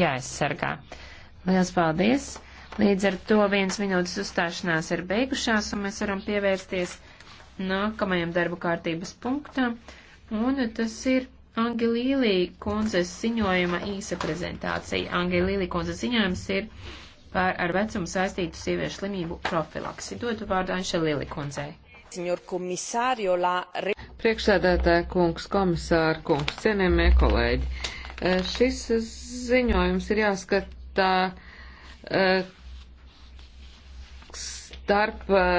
jāaizsargā. Lielas paldies! Līdz ar to viens minūtes uzstāšanās ir beigušās, un mēs varam pievērsties nākamajam darbu kārtības punktam, un tas ir Angelīlī kundzes ziņojuma īsa prezentācija. Angelīlī kundzes ziņojums ir par ar vecumu saistītu sieviešu slimību profilaksi. Dotu vārdu Anšelīlī kundzei. Priekšsēdētāja kungs, komisāra kungs, cienījamie kolēģi. Eh, šis ziņojums ir jāskata eh, starp eh,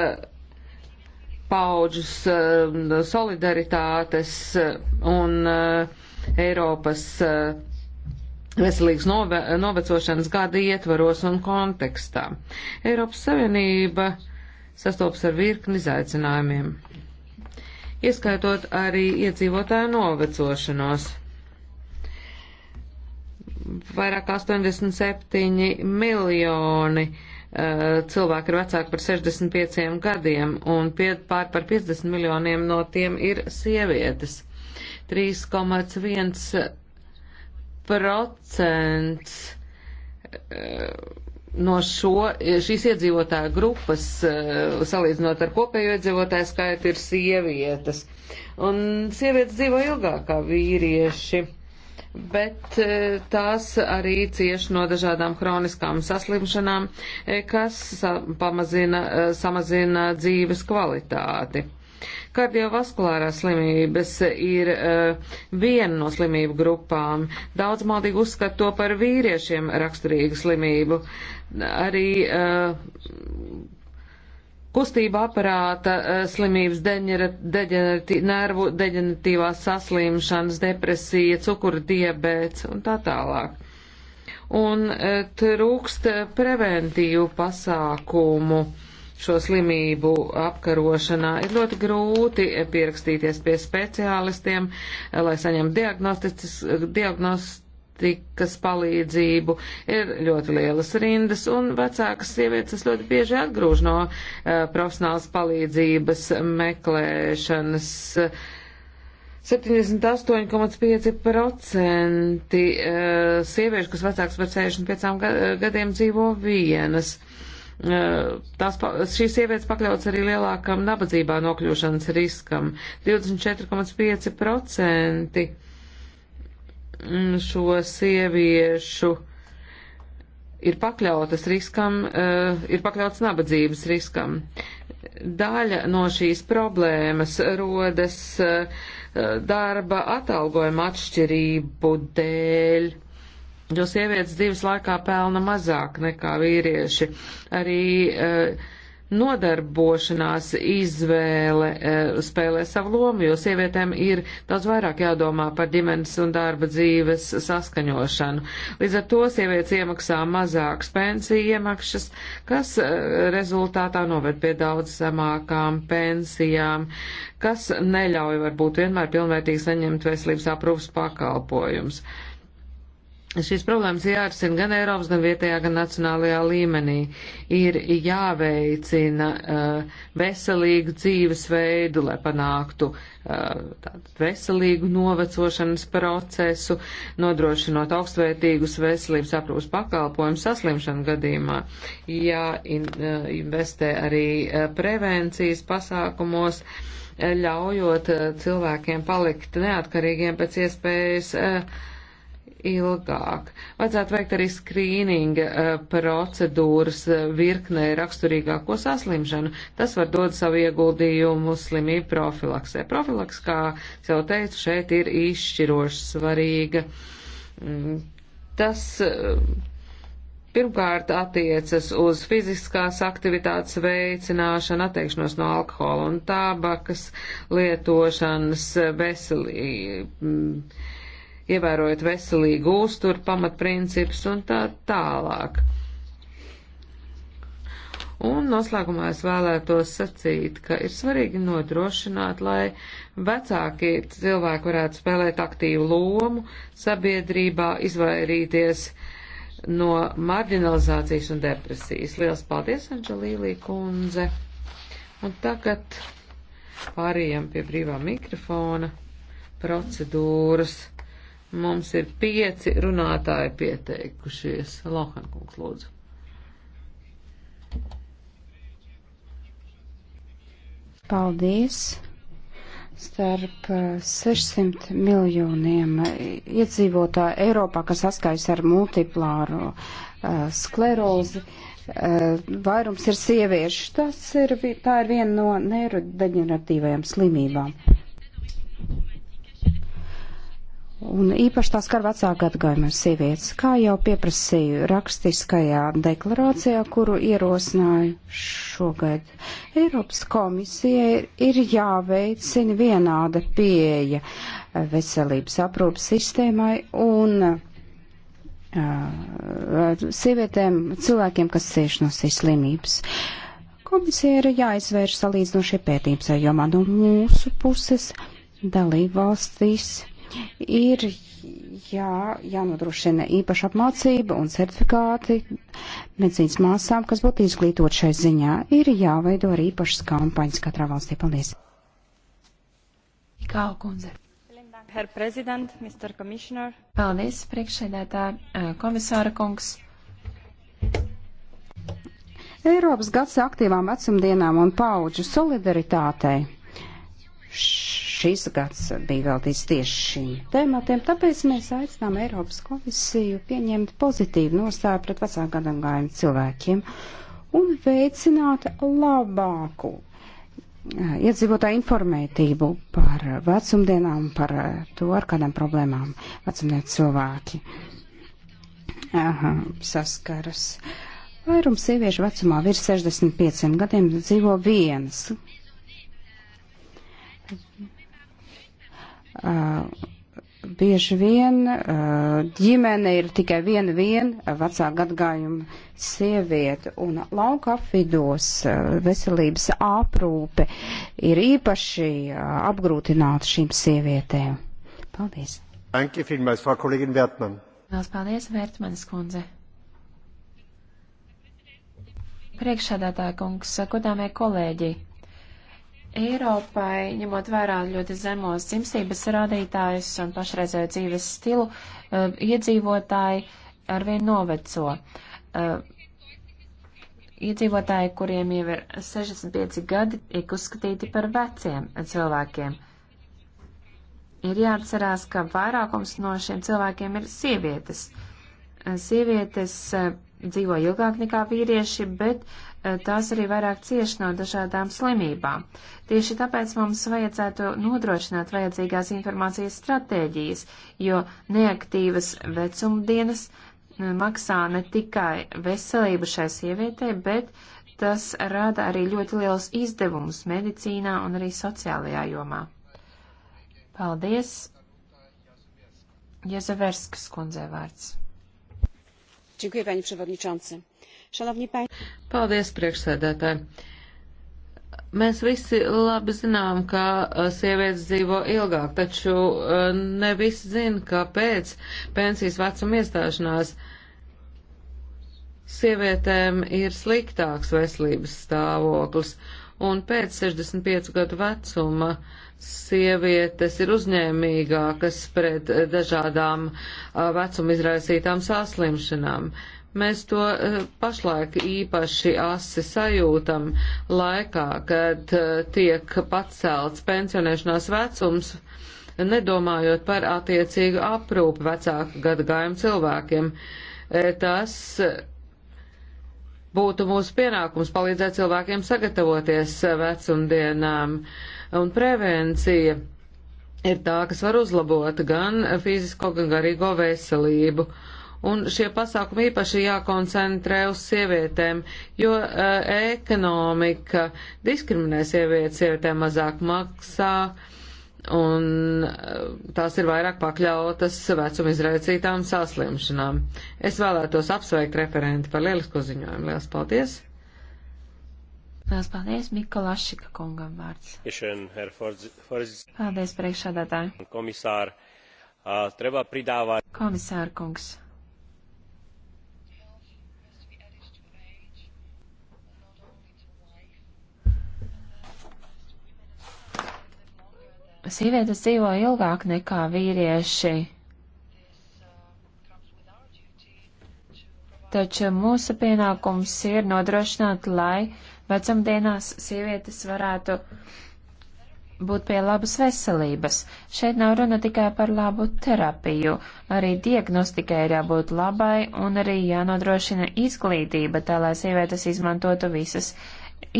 paudžus solidaritātes un Eiropas veselīgas nove, novecošanas gada ietvaros un kontekstā. Eiropas Savienība sastopas ar virkni izaicinājumiem, ieskaitot arī iedzīvotāju novecošanos vairāk 87 miljoni uh, cilvēki ir vecāki par 65 gadiem, un pie, pār par 50 miljoniem no tiem ir sievietes. 3,1 procents uh, no šo, šīs iedzīvotāju grupas, eh, salīdzinot ar kopējo iedzīvotāju skaitu, ir sievietes. Un sievietes dzīvo ilgāk kā vīrieši bet e, tās arī cieš no dažādām hroniskām saslimšanām, e, kas pamazina, e, samazina dzīves kvalitāti. Kardiovaskulārās slimības ir uh, viena no slimību grupām. Daudz maldīgi uzskata to par vīriešiem raksturīgu slimību. Arī uh, kustība aparāta eh, slimības, deģenerati, nervu deģeneratīvās saslimšanas, depresija, cukura diabēts un tā tālāk. Un eh, trūkst preventīvu pasākumu šo slimību apkarošanā. Ir ļoti grūti eh, pierakstīties pie speciālistiem, lai saņemtu diagnostikas pārtikas palīdzību, ir ļoti lielas rindas, un vecākas sievietes ļoti bieži atgrūž no uh, profesionālas palīdzības meklēšanas. 78,5% eh, sieviešu, kas vecāks par 65 gadiem, dzīvo vienas eh, tās, šīs sievietes pakļauts arī lielākam nabadzībā nokļūšanas riskam - 24,5% šo sieviešu ir pakļautas riskam, eh, ir pakļautas nabadzības riskam. Daļa no šīs problēmas rodas eh, darba atalgojuma atšķirību dēļ, jo sievietes dzīves laikā pelna mazāk nekā vīrieši. Arī uh, nodarbošanās izvēle e, spēlē savu lomu, jo sievietēm ir daudz vairāk jādomā par ģimenes un darba dzīves saskaņošanu. Līdz ar to sievietes iemaksā mazākas pensiju iemaksas, kas e, rezultātā noved pie daudz zemākām pensijām, kas neļauj varbūt vienmēr pilnvērtīgi saņemt veselības aprūpas pakalpojumus. Šīs problēmas jārisina gan Eiropas, gan vietējā, gan nacionālajā līmenī. Ir jāveicina uh, veselīgu dzīvesveidu, lai panāktu uh, veselīgu novecošanas procesu, nodrošinot augstvērtīgus veselības aprūpas pakalpojumus saslimšanu gadījumā. Jāinvestē in, uh, arī uh, prevencijas pasākumos. Uh, ļaujot cilvēkiem palikt neatkarīgiem pēc iespējas uh, ilgāk. Vajadzētu veikt arī skrīninga eh, procedūras eh, virknē raksturīgāko saslimšanu. Tas var dot savu ieguldījumu slimību profilaksē. Profilaks, kā jau teicu, šeit ir izšķiroši svarīga. Mm, tas eh, pirmkārt attiecas uz fiziskās aktivitātes veicināšanu, atteikšanos no alkohola un tābakas lietošanas veselību mm, ievērojot veselīgu uzturu pamatprincips un tā tālāk. Un noslēgumā es vēlētos sacīt, ka ir svarīgi nodrošināt, lai vecākie cilvēki varētu spēlēt aktīvu lomu sabiedrībā, izvairīties no marginalizācijas un depresijas. Lielas paldies, Anģelīlī kundze! Un tagad pārējām pie brīvā mikrofona procedūras. Mums ir pieci runātāji pieteikušies. Lohankungs, lūdzu. Paldies! Starp 600 eh, miljoniem iedzīvotāju Eiropā, kas saskaļas ar multiplāru uh, eh, sklerozi, uh, vairums ir sieviešu. Tas ir, tā ir viena no neirodeģeneratīvajām slimībām. Un īpaši tās skar vecāku atgājumu sievietes, kā jau pieprasīju rakstiskajā deklarācijā, kuru ierosināju šogad. Eiropas komisija ir jāveicina vienāda pieeja veselības aprūpas sistēmai un uh, sievietēm, cilvēkiem, kas cieš no šīs slimības. Komisija ir jāizvērš salīdzinošie pētījumi, jo man no mūsu puses dalībvalstīs. valstīs Ir jā, jānodrošina īpaša apmācība un certifikāti medicīnas māsām, kas būtu izglītot šai ziņā. Ir jāveido arī īpašas kampaņas katrā valstī. Paldies! Kā kundze? Paldies, priekšsēdētāji, komisāra kungs. Eiropas gads aktīvām vecumdienām un pauģu solidaritātei. Š šis gads bija veltīts tieši šīm tēmatiem, tāpēc mēs aicinām Eiropas komisiju pieņemt pozitīvu nostāju pret vecāku gadagājumu cilvēkiem un veicināt labāku eh, iedzīvotāju informētību par vecumdienām, par eh, to, ar kādām problēmām vecumdienu cilvēki Aha, eh, saskaras. Vairums sieviešu vecumā virs 65 gadiem dzīvo vienas. Uh, bieži vien uh, ģimene ir tikai viena vien uh, vecā gadgājuma sieviete, un lauka apvidos veselības aprūpe ir īpaši apgrūtināta šīm sievietēm. Paldies! Danke vielmals, Frau Kollegin Wertmann. Vēl paldies, Vērtmanis kundze. Priekšsēdētāja kungs, godāmie kolēģi! Eiropai, ņemot vērā ļoti zemos dzimstības rādītājus un pašreizēju dzīves stilu, eh, iedzīvotāji arvien noveco. Eh, iedzīvotāji, kuriem jau ir 65 gadi, tiek uzskatīti par veciem cilvēkiem. Ir jāatcerās, ka vairākums no šiem cilvēkiem ir sievietes. Eh, sievietes dzīvo ilgāk nekā vīrieši, bet uh, Eh, tās arī vairāk cieši no dažādām slimībām. Tieši tāpēc mums vajadzētu nodrošināt vajadzīgās informācijas stratēģijas, jo neaktīvas vecumdienas eh, maksā ne tikai veselību šai sievietei, bet tas rada arī ļoti lielus izdevumus medicīnā un arī sociālajā jomā. Paldies! Jezeverskas kundzei vārds. Dziękuję, panie przewodniczący Paldies, priekšsēdētāji! Mēs visi labi zinām, ka e, sievietes dzīvo ilgāk, taču e, ne visi zina, ka pēc pensijas vecuma iestāšanās sievietēm ir sliktāks veselības stāvoklis, un pēc 65 gadu vecuma sievietes ir uzņēmīgākas pret dažādām e, vecuma izraisītām saslimšanām. Uh, Mēs to eh, pašlaik īpaši asi sajūtam laikā, kad eh, tiek pacelts pensionēšanās vecums, nedomājot par attiecīgu aprūpu vecāku gadagājumu cilvēkiem. E, tas būtu mūsu pienākums palīdzēt cilvēkiem sagatavoties vecumdienām un prevencija ir tā, kas var uzlabot gan fizisko, gan garīgo veselību. Uh, Un šie pasākumi īpaši jākoncentrē uz sievietēm, jo uh, ekonomika diskriminē sievietes, sievietēm mazāk maksā, un uh, tās ir vairāk pakļautas vecuma izraicītām saslimšanām. Es vēlētos apsveikt referenti par lielisko ziņojumu. Lielas paldies! Lielas paldies Mikolašika kungam vārds. Paldies priekšādātāji. Komisār, uh, treba pridāvāt. Komisār kungs. Sievietes dzīvo ilgāk nekā vīrieši, taču mūsu pienākums ir nodrošināt, lai vecumdienās sievietes varētu būt pie labas veselības. Šeit nav runa tikai par labu terapiju, arī diagnostikai ir jābūt labai un arī jānodrošina izglītība, tā lai sievietes izmantotu visas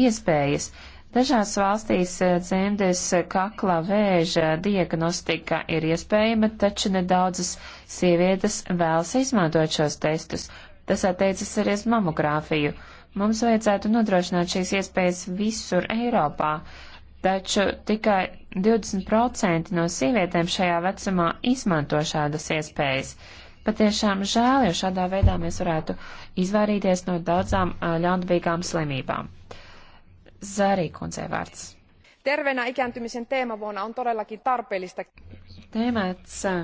iespējas. Dažās valstīs eh, dzemdēs eh, kakla vēža diagnostika ir iespējama, taču nedaudzas sievietes vēlas izmantot šos testus. Tas attiecas arī uz mamogrāfiju. Mums vajadzētu nodrošināt šīs iespējas visur Eiropā, taču tikai 20% no sievietēm šajā vecumā izmanto šādas iespējas. Patiešām žēl, jo šādā veidā mēs varētu izvairīties no daudzām eh, ļaundabīgām slimībām. Uh, Zari kundzei vārds. Terveenä ikääntymisen teemavuonna on todellakin tarpeellista. Tēmēts eh,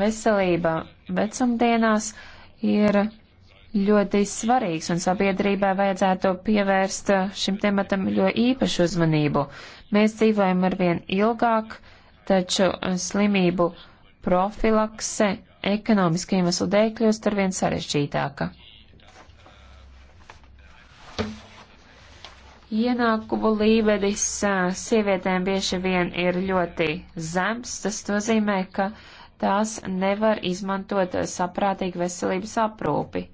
veselība vecumdienās ir ļoti svarīgs un sabiedrībai vajadzētu pievērst eh, šim tematam ļoti īpašu uzmanību. Mēs dzīvojam arvien ilgāk, taču eh, slimību profilakse ekonomiski iemeslu dēļ kļūst arvien sarežģītāka. Ienākumu līmenis sievietēm bieži vien ir ļoti zems. Tas nozīmē, ka tās nevar izmantot saprātīgu veselības aprūpi.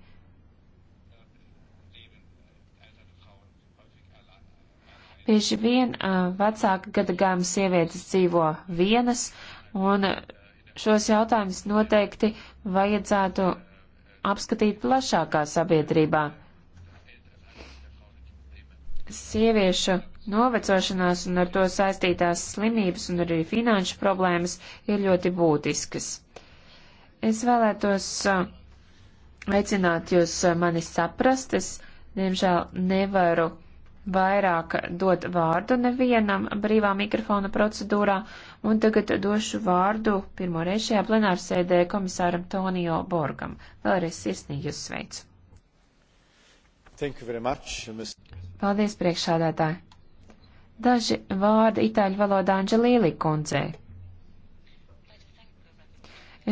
Bieži vien vecāka gadagājuma sievietes dzīvo vienas, un šos jautājumus noteikti vajadzētu apskatīt plašākā sabiedrībā sieviešu novecošanās un ar to saistītās slimības un arī finanšu problēmas ir ļoti būtiskas. Es vēlētos aicināt jūs mani saprast, es diemžēl nevaru vairāk dot vārdu nevienam brīvā mikrofona procedūrā, un tagad došu vārdu pirmoreiz šajā plenārsēdē komisāram Tonio Borgam. Vēlreiz sirsnīgi jūs sveicu. Thank you very much, Mr. Paldies, priekšādātāji! Daži vārdi itāļu valodā Anģelīli kundzei.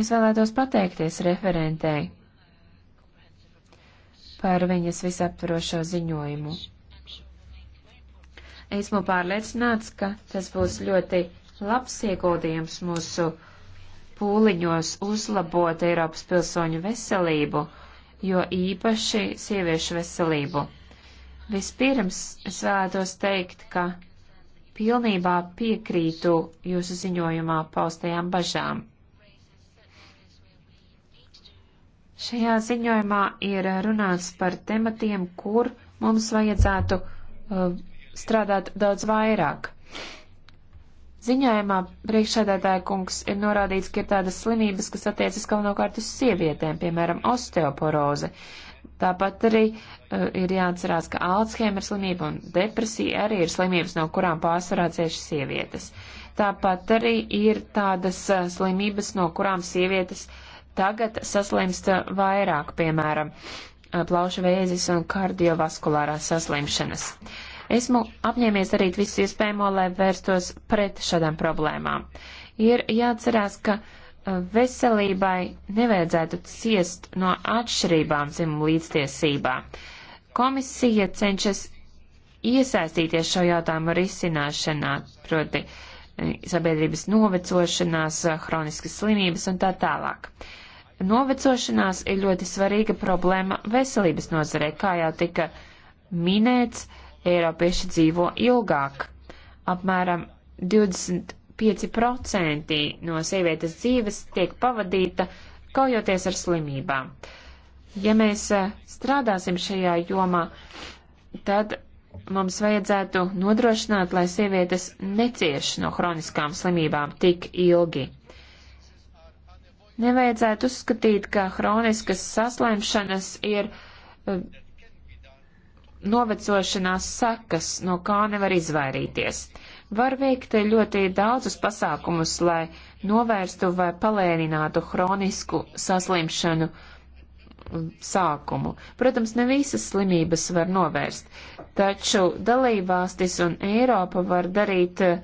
Es vēlētos pateikties referentei par viņas visaptvarošo ziņojumu. Esmu pārliecināts, ka tas būs ļoti labs ieguldījums mūsu pūliņos uzlabot Eiropas pilsoņu veselību, jo īpaši sieviešu veselību. Vispirms es vēlētos teikt, ka pilnībā piekrītu jūsu ziņojumā paustajām bažām. Šajā ziņojumā ir runāts par tematiem, kur mums vajadzētu uh, strādāt daudz vairāk. Ziņojumā priekšsēdētāja kungs ir norādīts, ka ir tādas slimības, kas attiecas galvenokārt uz sievietēm, piemēram, osteoporoze. Uh, Tāpat arī uh, ir jāatcerās, ka Alzheimer slimība un depresija arī ir slimības, no kurām pārsvarā cieši sievietes. Tāpat arī ir tādas uh, slimības, no kurām sievietes tagad saslimst eh, vairāk, piemēram, uh, plauša vēzis un kardiovaskulārās saslimšanas. Esmu apņēmies darīt visu iespējamo, lai vērstos pret šādām problēmām. Ir jāatcerās, ka uh, Uh, veselībai nevajadzētu ciest no atšķirībām dzimumu līdztiesībā. Komisija cenšas iesaistīties šo jautājumu risināšanā, proti uh, sabiedrības novecošanās, uh, hroniskas slimības un tā tālāk. Novecošanās ir ļoti svarīga problēma veselības nozarē, kā jau tika minēts, Eiropieši dzīvo ilgāk. Apmēram 20 5% no sievietes dzīves tiek pavadīta kaujoties ar slimībām. Ja mēs eh, strādāsim šajā jomā, tad mums vajadzētu nodrošināt, lai sievietes necieš no hroniskām slimībām tik ilgi. Nevajadzētu uzskatīt, ka hroniskas saslimšanas ir eh, novecošanās sekas, no kā nevar izvairīties var veikt ļoti daudzus pasākumus, lai novērstu vai palēninātu hronisku saslimšanu sākumu. Protams, ne visas slimības var novērst, taču dalībvalstis un Eiropa var darīt eh,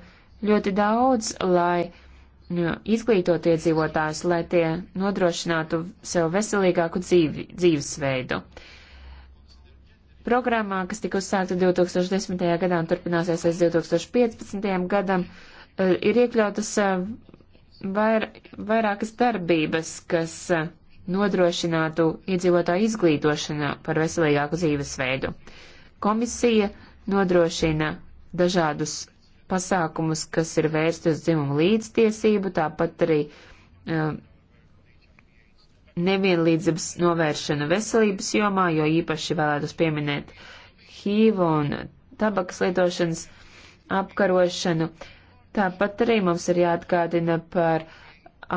ļoti daudz, lai izglītot iedzīvotājus, lai tie nodrošinātu sev veselīgāku dzīvi, dzīvesveidu. Uh, programmā, kas tika uzsākta 2010. gadā un turpināsies aiz 2015. gadam, eh, ir iekļautas eh, vair, vairākas darbības, kas eh, nodrošinātu iedzīvotāju izglītošanu par veselīgāku dzīvesveidu. Komisija nodrošina dažādus pasākumus, kas ir vērsti uz dzimumu līdztiesību, tāpat arī uh, nevienlīdzības novēršanu veselības jomā, jo īpaši vēlētos pieminēt hīvu un tabakas lietošanas apkarošanu. Tāpat arī mums ir jāatgādina par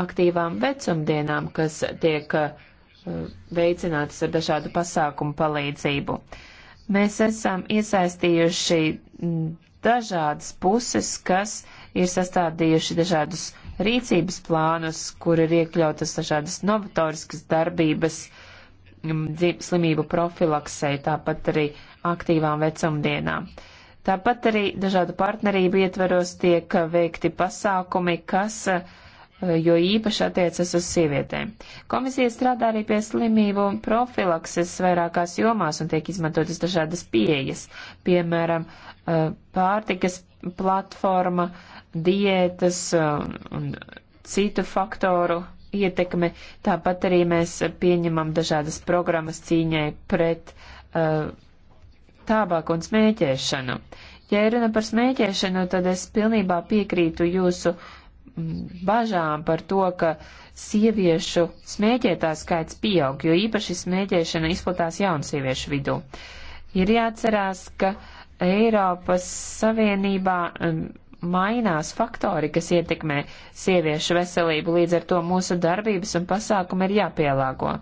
aktīvām vecumdienām, kas tiek uh, veicinātas ar dažādu pasākumu palīdzību. Mēs esam iesaistījuši mm, dažādas puses, kas ir sastādījuši dažādus uh, rīcības plānus, kur ir iekļautas dažādas novatoriskas darbības, mm, slimību profilaksē, tāpat arī aktīvām vecumdienām. Tāpat arī dažādu partnerību ietveros tiek veikti pasākumi, kas uh, Eh, jo īpaši attiecas uz sievietēm. Komisija strādā arī pie slimību profilakses vairākās jomās un tiek izmantotas dažādas pieejas, piemēram, eh, pārtikas platforma, diētas eh, un citu faktoru ietekme. Tāpat arī mēs pieņemam dažādas programmas cīņai pret uh, tābāku un smēķēšanu. Ja runa par smēķēšanu, tad es pilnībā piekrītu jūsu uh, bažām par to, ka sieviešu smēķētā skaits pieaug, jo īpaši smēķēšana izplatās jaunu sieviešu vidū. Ir jāatcerās, ka Eiropas Savienībā um, mainās faktori, kas ietekmē sieviešu veselību, līdz ar to mūsu darbības un pasākumi ir jāpielāgo.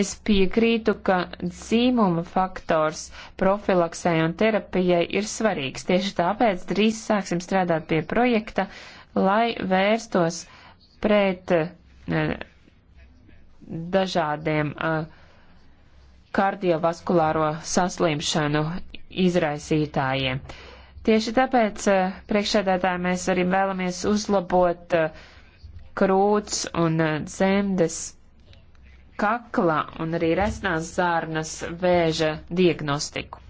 Es piekrītu, ka dzīmuma faktors profilaksē un terapijai ir svarīgs, tieši tāpēc drīz sāksim strādāt pie projekta, lai vērstos pret e, dažādiem e, kardiovaskulāro saslimšanu izraisītājiem. Tieši tāpēc e, priekšsēdētāji mēs arī vēlamies uzlabot krūts un dzemdes kakla un arī resnās zārnas vēža diagnostiku.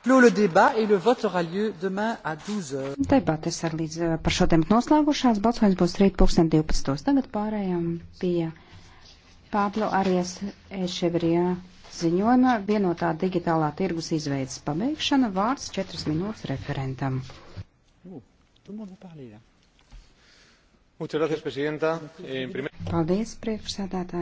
Debates ar līdz eh, par šo tēmu noslēgušās. Balsojums būs rīt 2012. Tagad pārējām pie Pāblo Arijas Eševerijā ziņojuma vienotā digitālā tirgus izveidas pabeigšana vārds 4 minūtes referentam. Oh, eh, Paldies, priekšsēdētāji.